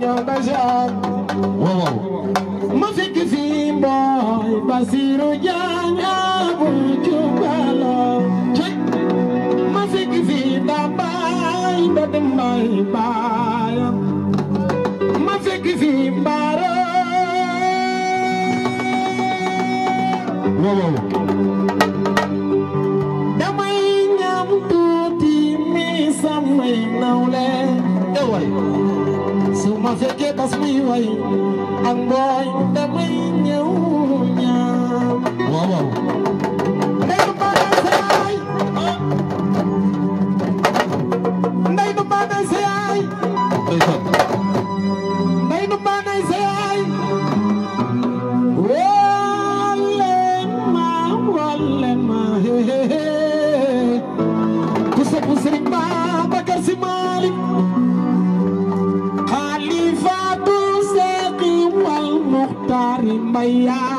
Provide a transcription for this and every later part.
ñoo ko jaar waaw ma fekk fii mbooy Basiru Jaañ bu jubalo ma fekk fii da baay ba dem bay baayam ma fekk fii mbaaro waaw ma fekkee bas muy way ak booy damay ñëw ñaam waaw waaw ndey du mbaanay sa yaay ndey du mbaanay sa yaay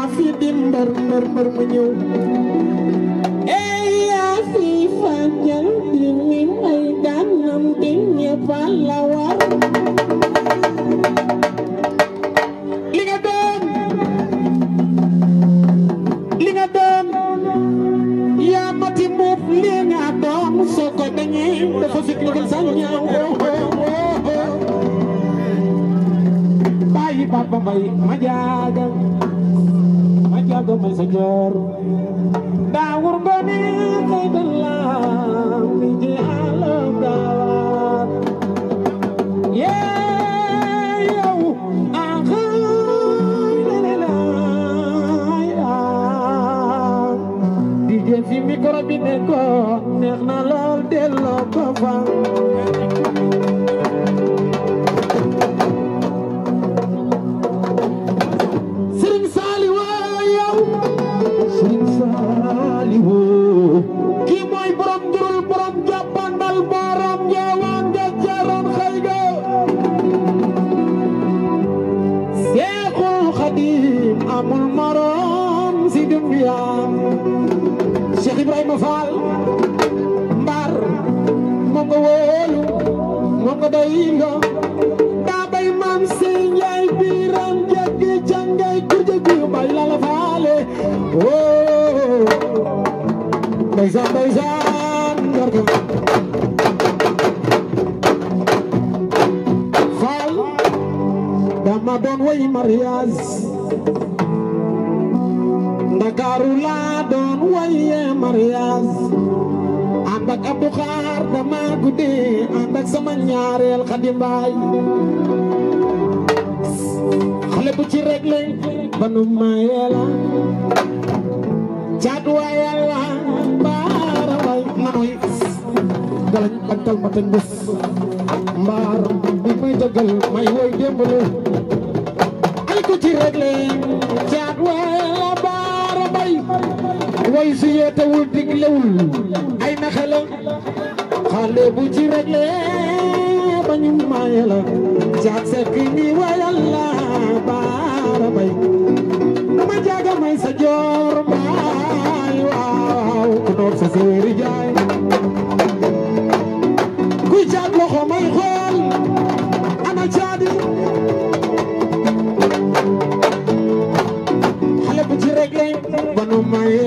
afidin bar bar bar eh ya yaa fi dingin di nampingnya pahlawan daanam di ya mati muf dengin papa damay sa joor daawur goni ji alam daawat yee yow di jël si micro bi neex na lool delloo ko ko doy nga daa bay maam sey njaay biiram jaggi jangay kuje bay la faale woo oh, ndeysaan ndeysaan ndarga faal dama doon way mariage ndakaaru laa doon waye mariage Andak abu khar dama guddee andak sama ñaareel Xadi Mbaay xale bu ci réglé ba nu maye la caatuwaay yàlla mbaara waay nanuy galañ ak tal ma bi jagal may way démbale ay ci réglé caatuwaay yàlla mbaar way su yeetewul diglewul ay naxe la xale bu ci réglé ba ñu maye la jaag sekk ni wayal la baara bay ma jaaga may sa joor maay waaw ku noor sa séeri jaay ku jaag loxo may xool ana caadi xale bu ci réglé ba nu maye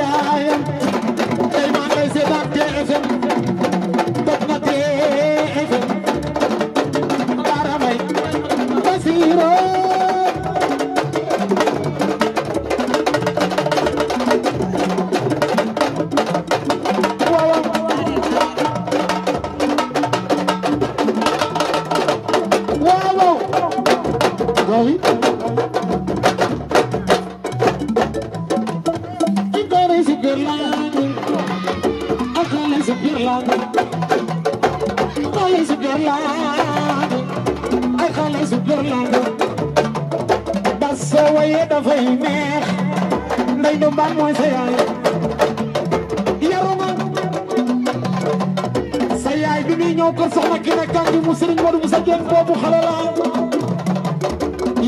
yaayam tey maa ngi lay seetaan TFM toog na TFM dara may Basiro Sorry. Irlande ay xale su Irlande bas soo waye dafay neex ndey do mbaan mooy sa yaay yaru nga sa yaay bi muy ñëw kër soxna ki ne kan bi mu sëriñ Modou boobu xale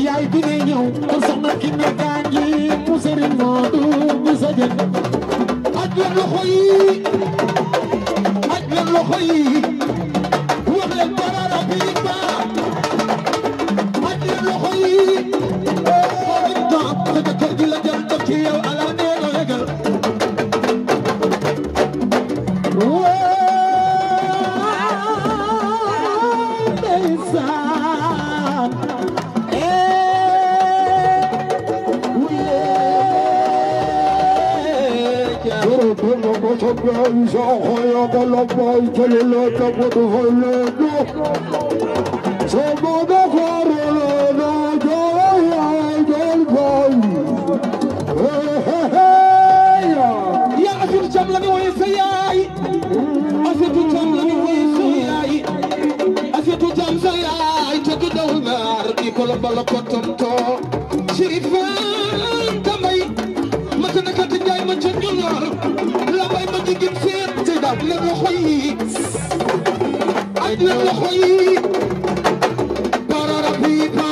la bi muy ñëw kër soxna ki ne kan ji mu sëriñ Modou aj leen loxo yi Sabah loxo yi aj leen loxo yi barara bii ba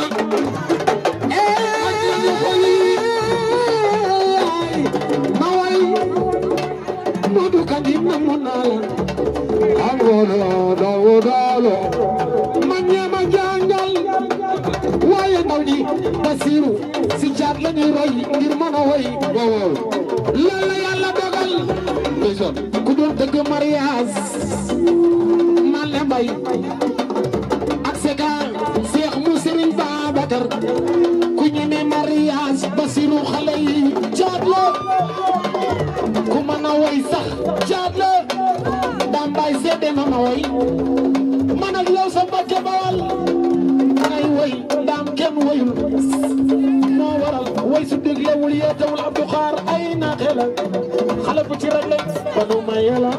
aj leen loxo yi ma way Modou Kadi namu naa la angola dawo daalo man ñee ma jàngal waaye ndaw ñi Basiru si jaat la ñuy roy ngir mën a way waaw waaw loolu la yàlla dogal ndeysaan góor dëgg mariage man la mbay ak sega seex mu sëriñ Babacar ku ñeme mariage basiru xale yi caat la ku mën a woy sax caat la dambaay seede na ma woy man ak yow sa Mbàkke Bawal ngay woy daam kenn woyul moo waral woy su déglewul yeetewul Abdou Xaar ay naaxee la xale bu ci rek banu mayela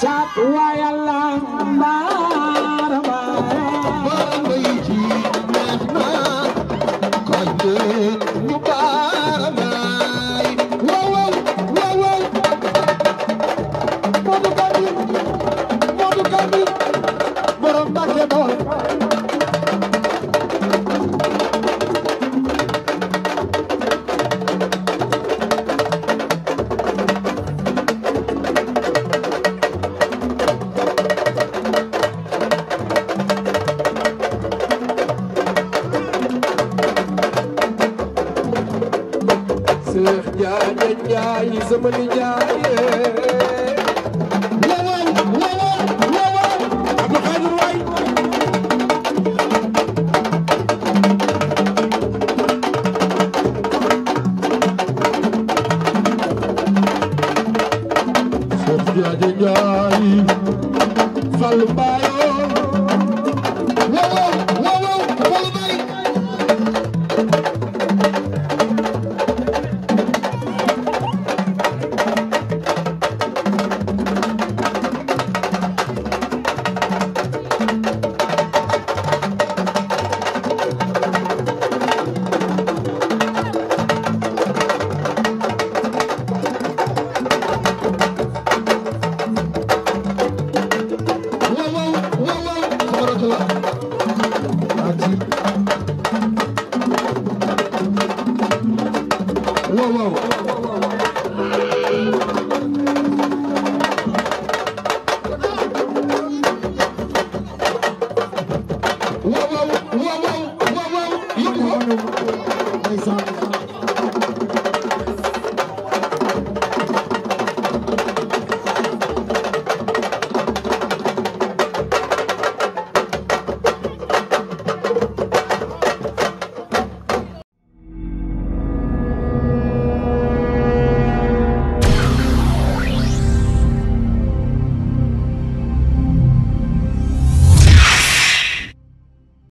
chatuwa yalla marama babaji nesma konde mubarama wawal wawal modu kabil modu kabil borom bakke boy Seex Njaaye Njaaye sama Njaaye Fallu Bayo Uou, uou.